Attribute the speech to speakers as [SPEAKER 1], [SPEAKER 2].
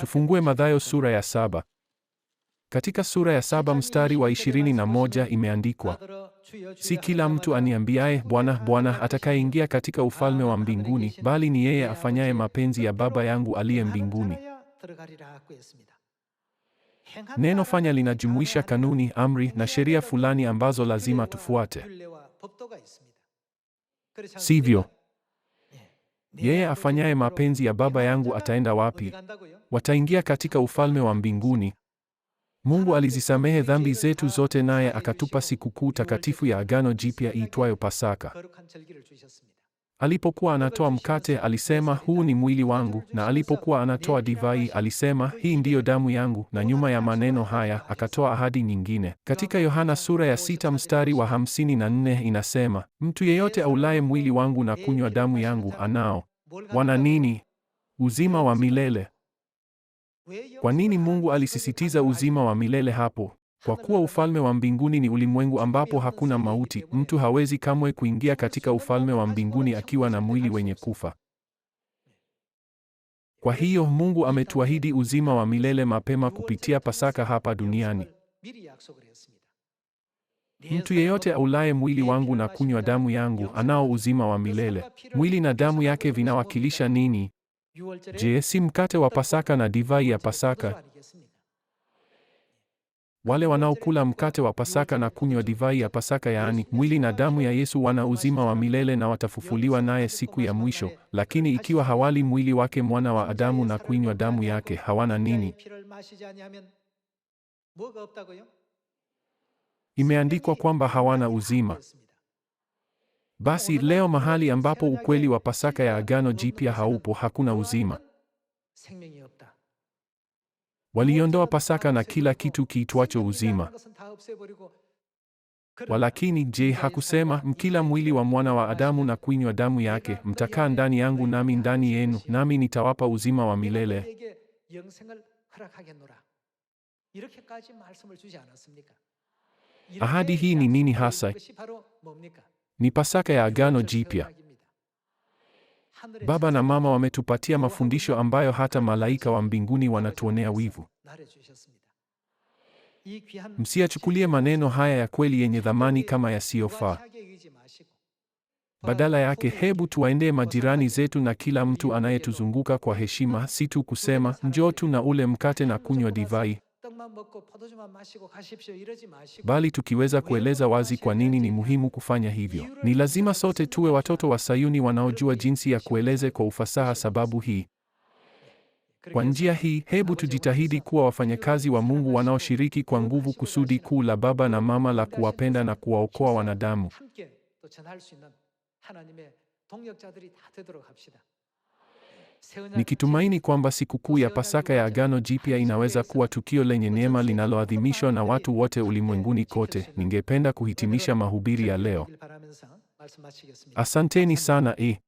[SPEAKER 1] Tufungue Mathayo sura ya saba. Katika sura ya saba mstari wa ishirini na moja imeandikwa, si kila mtu aniambiaye Bwana, Bwana, atakayeingia katika ufalme wa mbinguni, bali ni yeye afanyaye mapenzi ya Baba yangu aliye mbinguni. Neno fanya linajumuisha kanuni, amri na sheria fulani ambazo lazima tufuate, sivyo? Yeye afanyaye mapenzi ya Baba yangu ataenda wapi? Wataingia katika ufalme wa mbinguni. Mungu alizisamehe dhambi zetu zote, naye akatupa sikukuu takatifu ya Agano Jipya iitwayo Pasaka. Alipokuwa anatoa mkate alisema, huu ni mwili wangu, na alipokuwa anatoa divai alisema, hii ndiyo damu yangu, na nyuma ya maneno haya akatoa ahadi nyingine. Katika Yohana sura ya sita mstari wa hamsini na nne inasema, mtu yeyote aulaye mwili wangu na kunywa ee, damu yangu anao wana nini? Uzima wa milele. Kwa nini Mungu alisisitiza uzima wa milele hapo? Kwa kuwa ufalme wa mbinguni ni ulimwengu ambapo hakuna mauti, mtu hawezi kamwe kuingia katika ufalme wa mbinguni akiwa na mwili wenye kufa. Kwa hiyo Mungu ametuahidi uzima wa milele mapema kupitia Pasaka hapa duniani. Mtu yeyote aulaye mwili wangu na kunywa damu yangu anao uzima wa milele. Mwili na damu yake vinawakilisha nini? Je, si mkate wa Pasaka na divai ya Pasaka? Wale wanaokula mkate wa Pasaka na kunywa divai ya Pasaka, yaani mwili na damu ya Yesu, wana uzima wa milele na watafufuliwa naye siku ya mwisho. Lakini ikiwa hawali mwili wake mwana wa Adamu na kuinywa damu yake, hawana nini? Imeandikwa kwamba hawana uzima. Basi leo mahali ambapo ukweli wa Pasaka ya Agano Jipya haupo, hakuna uzima. Waliondoa Pasaka na kila kitu kiitwacho uzima. Walakini je, hakusema mkila mwili wa mwana wa Adamu na kuinywa damu yake, mtakaa ndani yangu nami ndani yenu, nami nitawapa uzima wa milele? Ahadi hii ni nini hasa? Ni Pasaka ya Agano Jipya. Baba na Mama wametupatia mafundisho ambayo hata malaika wa mbinguni wanatuonea wivu. Msiyachukulie maneno haya ya kweli yenye dhamani kama yasiyofaa. Badala yake, hebu tuwaendee majirani zetu na kila mtu anayetuzunguka kwa heshima, si tu kusema njoo tu na ule mkate na kunywa divai, bali tukiweza kueleza wazi kwa nini ni muhimu kufanya hivyo, ni lazima sote tuwe watoto wa Sayuni wanaojua jinsi ya kueleze kwa ufasaha sababu hii. Kwa njia hii, hebu tujitahidi kuwa wafanyakazi wa Mungu wanaoshiriki kwa nguvu kusudi kuu la Baba na Mama la kuwapenda na kuwaokoa wanadamu nikitumaini kwamba sikukuu ya Pasaka ya Agano Jipya inaweza kuwa tukio lenye neema linaloadhimishwa na watu wote ulimwenguni kote. Ningependa kuhitimisha mahubiri ya leo. Asanteni sana e.